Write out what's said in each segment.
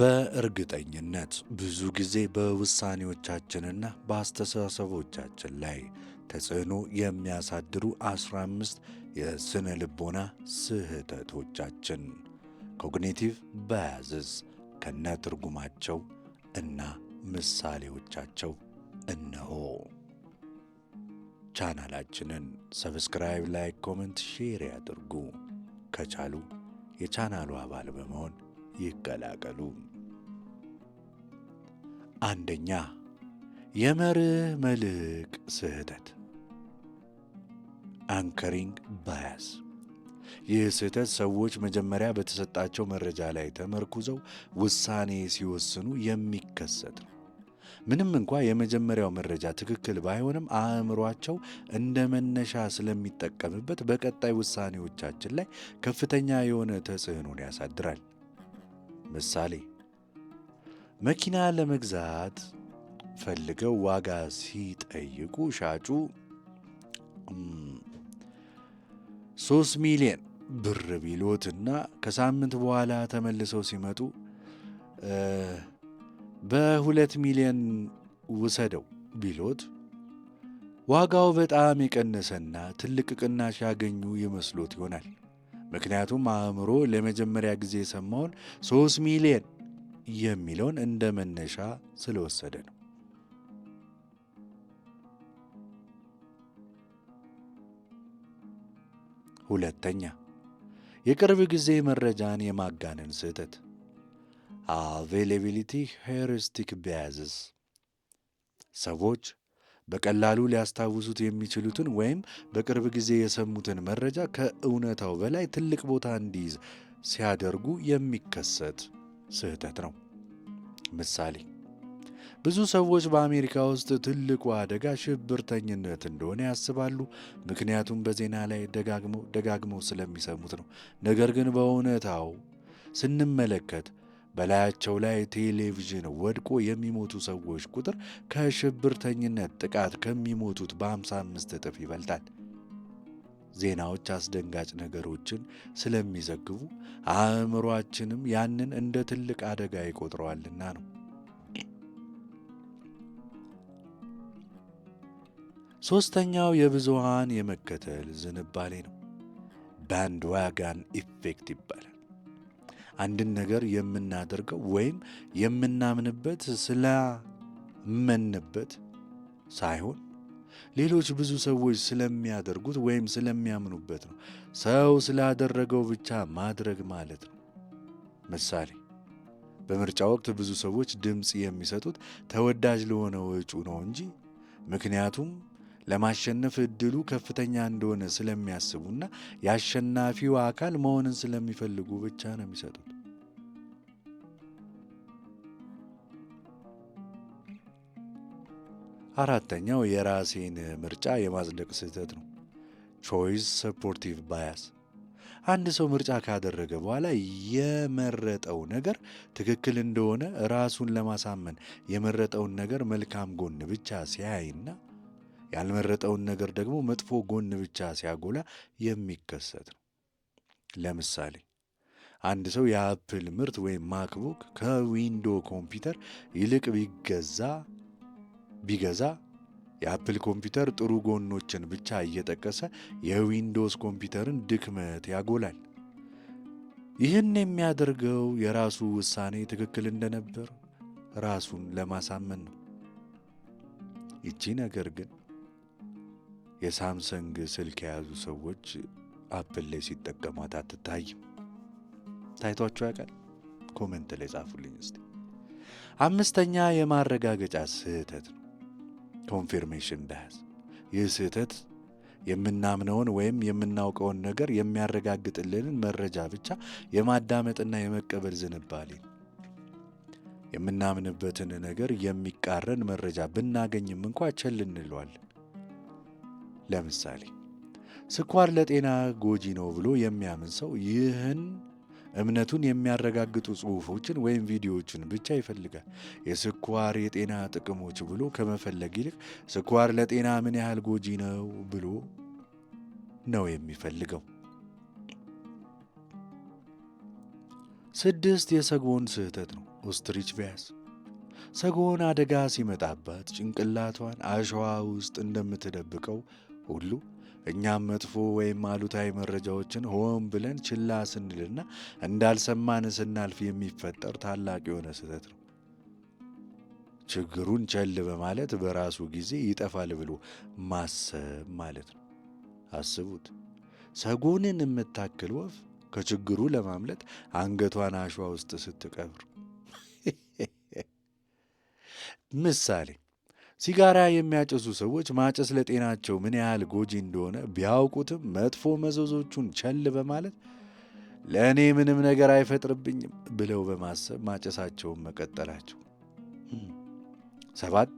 በእርግጠኝነት ብዙ ጊዜ በውሳኔዎቻችንና በአስተሳሰቦቻችን ላይ ተጽዕኖ የሚያሳድሩ 15 የስነ ልቦና ስህተቶቻችን ኮግኒቲቭ ባያዝስ ከነ ትርጉማቸው እና ምሳሌዎቻቸው እነሆ። ቻናላችንን ሰብስክራይብ፣ ላይክ፣ ኮመንት፣ ሼር ያድርጉ። ከቻሉ የቻናሉ አባል በመሆን ይቀላቀሉ። አንደኛ የመርህ መልህቅ ስህተት አንከሪንግ ባያስ። ይህ ስህተት ሰዎች መጀመሪያ በተሰጣቸው መረጃ ላይ ተመርኩዘው ውሳኔ ሲወስኑ የሚከሰት ነው። ምንም እንኳ የመጀመሪያው መረጃ ትክክል ባይሆንም አእምሯቸው እንደ መነሻ ስለሚጠቀምበት በቀጣይ ውሳኔዎቻችን ላይ ከፍተኛ የሆነ ተጽዕኖን ያሳድራል። ምሳሌ መኪና ለመግዛት ፈልገው ዋጋ ሲጠይቁ ሻጩ ሶስት ሚሊዮን ብር ቢሎትና ከሳምንት በኋላ ተመልሰው ሲመጡ በሁለት ሚሊዮን ውሰደው ቢሎት ዋጋው በጣም የቀነሰና ትልቅ ቅናሽ ያገኙ ይመስሎት ይሆናል። ምክንያቱም አእምሮ ለመጀመሪያ ጊዜ የሰማውን ሶስት ሚሊየን የሚለውን እንደ መነሻ ስለወሰደ ነው። ሁለተኛ የቅርብ ጊዜ መረጃን የማጋነን ስህተት አቬሌቢሊቲ ሄሪስቲክ ቢያዝስ ሰዎች በቀላሉ ሊያስታውሱት የሚችሉትን ወይም በቅርብ ጊዜ የሰሙትን መረጃ ከእውነታው በላይ ትልቅ ቦታ እንዲይዝ ሲያደርጉ የሚከሰት ስህተት ነው። ምሳሌ ብዙ ሰዎች በአሜሪካ ውስጥ ትልቁ አደጋ ሽብርተኝነት እንደሆነ ያስባሉ፣ ምክንያቱም በዜና ላይ ደጋግመው ደጋግመው ስለሚሰሙት ነው። ነገር ግን በእውነታው ስንመለከት በላያቸው ላይ ቴሌቪዥን ወድቆ የሚሞቱ ሰዎች ቁጥር ከሽብርተኝነት ጥቃት ከሚሞቱት በ55 እጥፍ ይበልጣል። ዜናዎች አስደንጋጭ ነገሮችን ስለሚዘግቡ አእምሯችንም ያንን እንደ ትልቅ አደጋ ይቆጥረዋልና ነው። ሦስተኛው የብዙሃን የመከተል ዝንባሌ ነው። ባንድ ዋጋን ኢፌክት ይባላል። አንድን ነገር የምናደርገው ወይም የምናምንበት ስላመንበት ሳይሆን ሌሎች ብዙ ሰዎች ስለሚያደርጉት ወይም ስለሚያምኑበት ነው። ሰው ስላደረገው ብቻ ማድረግ ማለት ነው። ምሳሌ በምርጫ ወቅት ብዙ ሰዎች ድምፅ የሚሰጡት ተወዳጅ ለሆነው እጩ ነው እንጂ ምክንያቱም ለማሸነፍ እድሉ ከፍተኛ እንደሆነ ስለሚያስቡና የአሸናፊው አካል መሆንን ስለሚፈልጉ ብቻ ነው የሚሰጡት። አራተኛው የራሴን ምርጫ የማጽደቅ ስህተት ነው። ቾይስ ሰፖርቲቭ ባያስ አንድ ሰው ምርጫ ካደረገ በኋላ የመረጠው ነገር ትክክል እንደሆነ ራሱን ለማሳመን የመረጠውን ነገር መልካም ጎን ብቻ ሲያይና ያልመረጠውን ነገር ደግሞ መጥፎ ጎን ብቻ ሲያጎላ የሚከሰት ነው። ለምሳሌ አንድ ሰው የአፕል ምርት ወይም ማክቡክ ከዊንዶ ኮምፒውተር ይልቅ ቢገዛ ቢገዛ የአፕል ኮምፒውተር ጥሩ ጎኖችን ብቻ እየጠቀሰ የዊንዶውስ ኮምፒውተርን ድክመት ያጎላል። ይህን የሚያደርገው የራሱ ውሳኔ ትክክል እንደነበር ራሱን ለማሳመን ነው። ይቺ ነገር ግን የሳምሰንግ ስልክ የያዙ ሰዎች አፕል ላይ ሲጠቀሟት አትታይም። ታይቷችሁ ያውቃል? ኮመንት ላይ ጻፉልኝ እስቲ። አምስተኛ የማረጋገጫ ስህተት ነው፣ ኮንፊርሜሽን ዳያስ። ይህ ስህተት የምናምነውን ወይም የምናውቀውን ነገር የሚያረጋግጥልንን መረጃ ብቻ የማዳመጥና የመቀበል ዝንባሌ ነው። የምናምንበትን ነገር የሚቃረን መረጃ ብናገኝም እንኳ ቸል እንለዋለን። ለምሳሌ ስኳር ለጤና ጎጂ ነው ብሎ የሚያምን ሰው ይህን እምነቱን የሚያረጋግጡ ጽሑፎችን ወይም ቪዲዮዎችን ብቻ ይፈልጋል። የስኳር የጤና ጥቅሞች ብሎ ከመፈለግ ይልቅ ስኳር ለጤና ምን ያህል ጎጂ ነው ብሎ ነው የሚፈልገው። ስድስት የሰጎን ስህተት ነው። ኦስትሪች ቢያስ ሰጎን አደጋ ሲመጣባት ጭንቅላቷን አሸዋ ውስጥ እንደምትደብቀው ሁሉ እኛም መጥፎ ወይም አሉታዊ መረጃዎችን ሆን ብለን ችላ ስንልና እንዳልሰማን ስናልፍ የሚፈጠር ታላቅ የሆነ ስህተት ነው። ችግሩን ቸል በማለት በራሱ ጊዜ ይጠፋል ብሎ ማሰብ ማለት ነው። አስቡት፣ ሰጎንን የምታክል ወፍ ከችግሩ ለማምለጥ አንገቷን አሸዋ ውስጥ ስትቀብር ምሳሌ ሲጋራ የሚያጨሱ ሰዎች ማጨስ ለጤናቸው ምን ያህል ጎጂ እንደሆነ ቢያውቁትም መጥፎ መዘዞቹን ቸል በማለት ለእኔ ምንም ነገር አይፈጥርብኝም ብለው በማሰብ ማጨሳቸውን መቀጠላቸው። ሰባት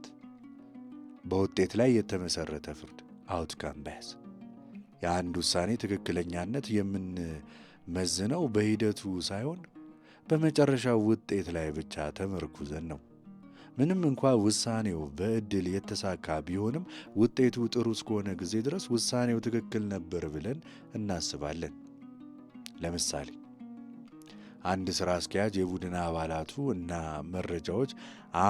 በውጤት ላይ የተመሰረተ ፍርድ አውትካም ባያስ የአንድ ውሳኔ ትክክለኛነት የምንመዝነው በሂደቱ ሳይሆን በመጨረሻው ውጤት ላይ ብቻ ተመርኩዘን ነው። ምንም እንኳ ውሳኔው በእድል የተሳካ ቢሆንም ውጤቱ ጥሩ እስከሆነ ጊዜ ድረስ ውሳኔው ትክክል ነበር ብለን እናስባለን። ለምሳሌ አንድ ስራ አስኪያጅ የቡድን አባላቱ እና መረጃዎች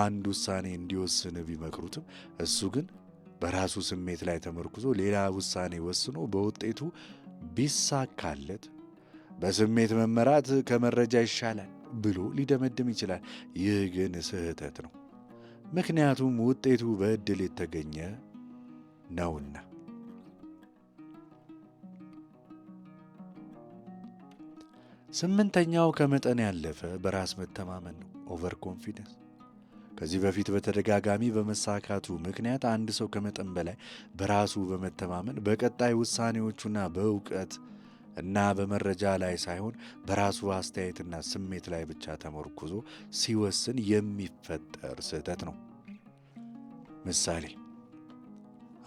አንድ ውሳኔ እንዲወስን ቢመክሩትም እሱ ግን በራሱ ስሜት ላይ ተመርኩዞ ሌላ ውሳኔ ወስኖ በውጤቱ ቢሳካለት በስሜት መመራት ከመረጃ ይሻላል ብሎ ሊደመድም ይችላል። ይህ ግን ስህተት ነው። ምክንያቱም ውጤቱ በዕድል የተገኘ ነውና። ስምንተኛው ከመጠን ያለፈ በራስ መተማመን ነው፣ ኦቨር ኮንፊደንስ። ከዚህ በፊት በተደጋጋሚ በመሳካቱ ምክንያት አንድ ሰው ከመጠን በላይ በራሱ በመተማመን በቀጣይ ውሳኔዎቹና በእውቀት እና በመረጃ ላይ ሳይሆን በራሱ አስተያየትና ስሜት ላይ ብቻ ተመርኩዞ ሲወስን የሚፈጠር ስህተት ነው። ምሳሌ፣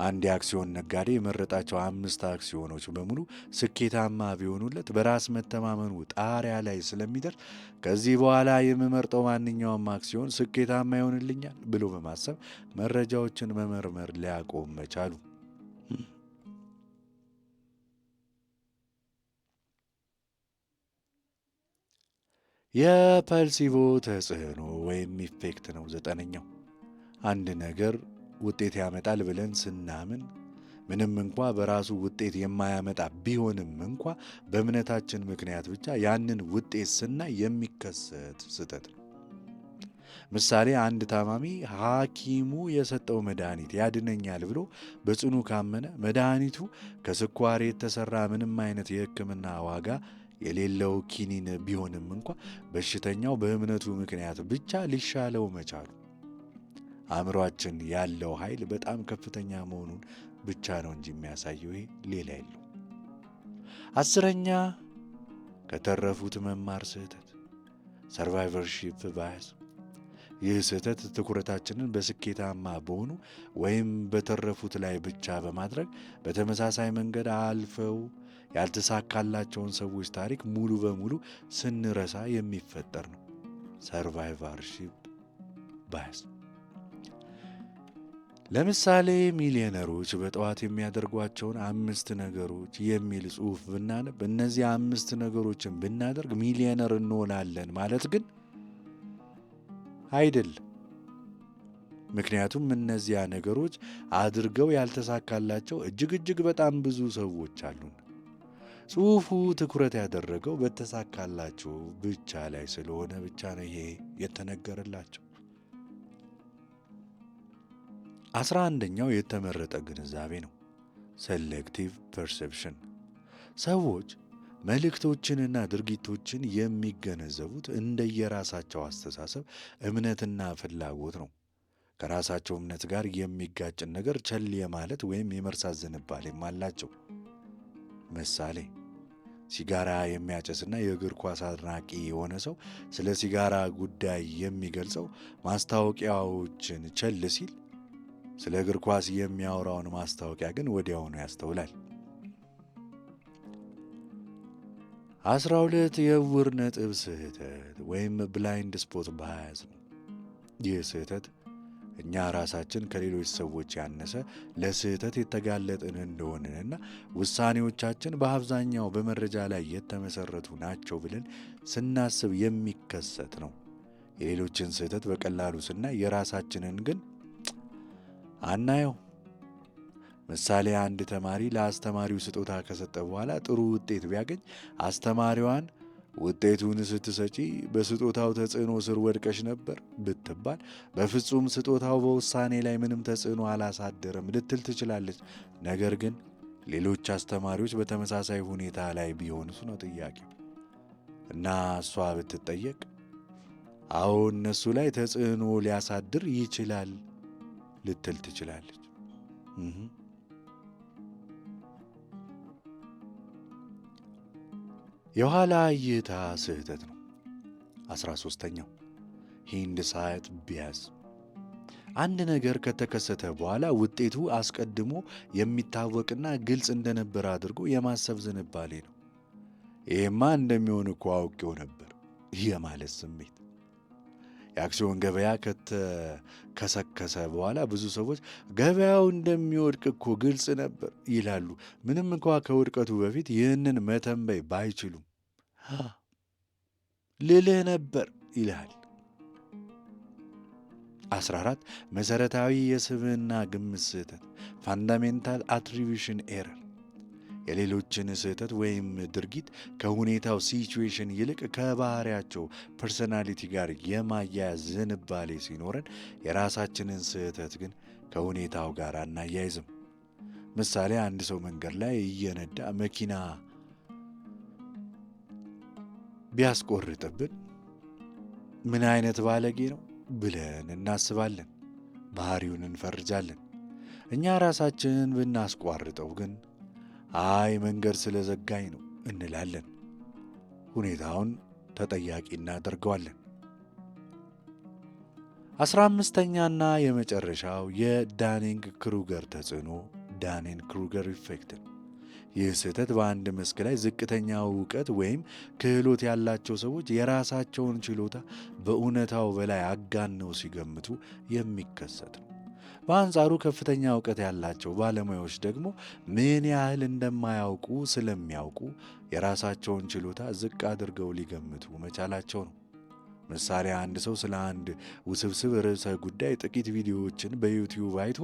አንድ የአክሲዮን ነጋዴ የመረጣቸው አምስት አክሲዮኖች በሙሉ ስኬታማ ቢሆኑለት በራስ መተማመኑ ጣሪያ ላይ ስለሚደርስ ከዚህ በኋላ የምመርጠው ማንኛውም አክሲዮን ስኬታማ ይሆንልኛል ብሎ በማሰብ መረጃዎችን መመርመር ሊያቆም መቻሉ የፐልሲቮ ተጽዕኖ ወይም ኢፌክት ነው። ዘጠነኛው አንድ ነገር ውጤት ያመጣል ብለን ስናምን ምንም እንኳ በራሱ ውጤት የማያመጣ ቢሆንም እንኳ በእምነታችን ምክንያት ብቻ ያንን ውጤት ስናይ የሚከሰት ስህተት ነው። ምሳሌ አንድ ታማሚ ሐኪሙ የሰጠው መድኃኒት ያድነኛል ብሎ በጽኑ ካመነ መድኃኒቱ ከስኳር የተሰራ ምንም አይነት የሕክምና ዋጋ የሌለው ኪኒን ቢሆንም እንኳ በሽተኛው በእምነቱ ምክንያት ብቻ ሊሻለው መቻሉ አእምሯችን ያለው ኃይል በጣም ከፍተኛ መሆኑን ብቻ ነው እንጂ የሚያሳየው ይሄ ሌላ የለው። አስረኛ ከተረፉት መማር ስህተት ሰርቫይቨርሺፕ ባያስ። ይህ ስህተት ትኩረታችንን በስኬታማ በሆኑ ወይም በተረፉት ላይ ብቻ በማድረግ በተመሳሳይ መንገድ አልፈው ያልተሳካላቸውን ሰዎች ታሪክ ሙሉ በሙሉ ስንረሳ የሚፈጠር ነው። ሰርቫይቫርሺፕ ባያስ ለምሳሌ ሚሊዮነሮች በጠዋት የሚያደርጓቸውን አምስት ነገሮች የሚል ጽሑፍ ብናነብ እነዚህ አምስት ነገሮችን ብናደርግ ሚሊዮነር እንሆናለን ማለት ግን አይደለም። ምክንያቱም እነዚያ ነገሮች አድርገው ያልተሳካላቸው እጅግ እጅግ በጣም ብዙ ሰዎች አሉን። ጽሑፉ ትኩረት ያደረገው በተሳካላችሁ ብቻ ላይ ስለሆነ ብቻ ነው ይሄ የተነገረላቸው። አስራ አንደኛው የተመረጠ ግንዛቤ ነው፣ ሴሌክቲቭ ፐርሴፕሽን። ሰዎች መልእክቶችንና ድርጊቶችን የሚገነዘቡት እንደየራሳቸው አስተሳሰብ፣ እምነትና ፍላጎት ነው። ከራሳቸው እምነት ጋር የሚጋጭን ነገር ቸል የማለት ወይም የመርሳት ዝንባሌም አላቸው። ምሳሌ ሲጋራ የሚያጨስና የእግር ኳስ አድናቂ የሆነ ሰው ስለ ሲጋራ ጉዳይ የሚገልጸው ማስታወቂያዎችን ቸል ሲል፣ ስለ እግር ኳስ የሚያወራውን ማስታወቂያ ግን ወዲያውኑ ያስተውላል። አስራ ሁለት የዕውር ነጥብ ስህተት ወይም ብላይንድ ስፖት ባያዝ ነው። ይህ ስህተት እኛ ራሳችን ከሌሎች ሰዎች ያነሰ ለስህተት የተጋለጥን እንደሆንንና ውሳኔዎቻችን በአብዛኛው በመረጃ ላይ የተመሰረቱ ናቸው ብለን ስናስብ የሚከሰት ነው። የሌሎችን ስህተት በቀላሉ ስናይ የራሳችንን ግን አናየው። ምሳሌ አንድ ተማሪ ለአስተማሪው ስጦታ ከሰጠ በኋላ ጥሩ ውጤት ቢያገኝ አስተማሪዋን ውጤቱን ስትሰጪ በስጦታው ተጽዕኖ ስር ወድቀሽ ነበር ብትባል በፍጹም ስጦታው በውሳኔ ላይ ምንም ተጽዕኖ አላሳደረም ልትል ትችላለች። ነገር ግን ሌሎች አስተማሪዎች በተመሳሳይ ሁኔታ ላይ ቢሆንሱ ነው ጥያቄው እና እሷ ብትጠየቅ አዎ እነሱ ላይ ተጽዕኖ ሊያሳድር ይችላል ልትል ትችላለች። የኋላ እይታ ስህተት ነው። አስራ ሦስተኛው ሂንድ ሳት ቢያዝ አንድ ነገር ከተከሰተ በኋላ ውጤቱ አስቀድሞ የሚታወቅና ግልጽ እንደነበር አድርጎ የማሰብ ዝንባሌ ነው። ይህማ እንደሚሆን እኮ አውቄው ነበር የማለት ስሜት የአክሲዮን ገበያ ከተከሰከሰ በኋላ ብዙ ሰዎች ገበያው እንደሚወድቅ እኮ ግልጽ ነበር ይላሉ። ምንም እንኳ ከውድቀቱ በፊት ይህንን መተንበይ ባይችሉም ልልህ ነበር ይላል 14 መሠረታዊ የስብዕና ግምት ስህተት ፋንዳሜንታል አትሪቢሽን ኤረር የሌሎችን ስህተት ወይም ድርጊት ከሁኔታው ሲቹዌሽን ይልቅ ከባህሪያቸው ፐርሰናሊቲ ጋር የማያያዝ ዝንባሌ ሲኖረን የራሳችንን ስህተት ግን ከሁኔታው ጋር አናያይዝም። ምሳሌ አንድ ሰው መንገድ ላይ እየነዳ መኪና ቢያስቆርጥብን ምን አይነት ባለጌ ነው ብለን እናስባለን። ባህሪውን እንፈርጃለን። እኛ ራሳችንን ብናስቋርጠው ግን አይ መንገድ ስለዘጋኝ ነው እንላለን። ሁኔታውን ተጠያቂ እናደርገዋለን። አስራ አምስተኛና የመጨረሻው የዳኒንግ ክሩገር ተጽዕኖ ዳኒን ክሩገር ኢፌክትን። ይህ ስህተት በአንድ መስክ ላይ ዝቅተኛ እውቀት ወይም ክህሎት ያላቸው ሰዎች የራሳቸውን ችሎታ በእውነታው በላይ አጋነው ሲገምቱ የሚከሰት ነው። በአንጻሩ ከፍተኛ እውቀት ያላቸው ባለሙያዎች ደግሞ ምን ያህል እንደማያውቁ ስለሚያውቁ የራሳቸውን ችሎታ ዝቅ አድርገው ሊገምቱ መቻላቸው ነው። ምሳሌ አንድ ሰው ስለ አንድ ውስብስብ ርዕሰ ጉዳይ ጥቂት ቪዲዮዎችን በዩቲዩብ አይቶ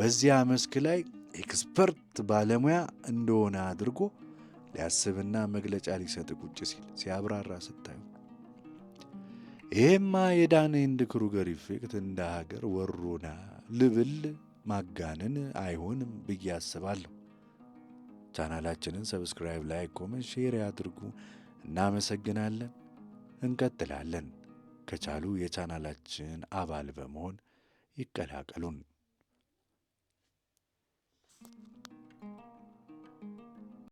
በዚያ መስክ ላይ ኤክስፐርት ባለሙያ እንደሆነ አድርጎ ሊያስብና መግለጫ ሊሰጥ ቁጭ ሲል ሲያብራራ ስታዩ ይሄማ የዳንኤል ክሩገር ኢፌክት እንደ ሀገር ወሮና ልብል ማጋነን አይሆንም ብዬ አስባለሁ። ቻናላችንን ሰብስክራይብ፣ ላይክ፣ ኮመንት፣ ሼር ያድርጉ። እናመሰግናለን። እንቀጥላለን። ከቻሉ የቻናላችን አባል በመሆን ይቀላቀሉን።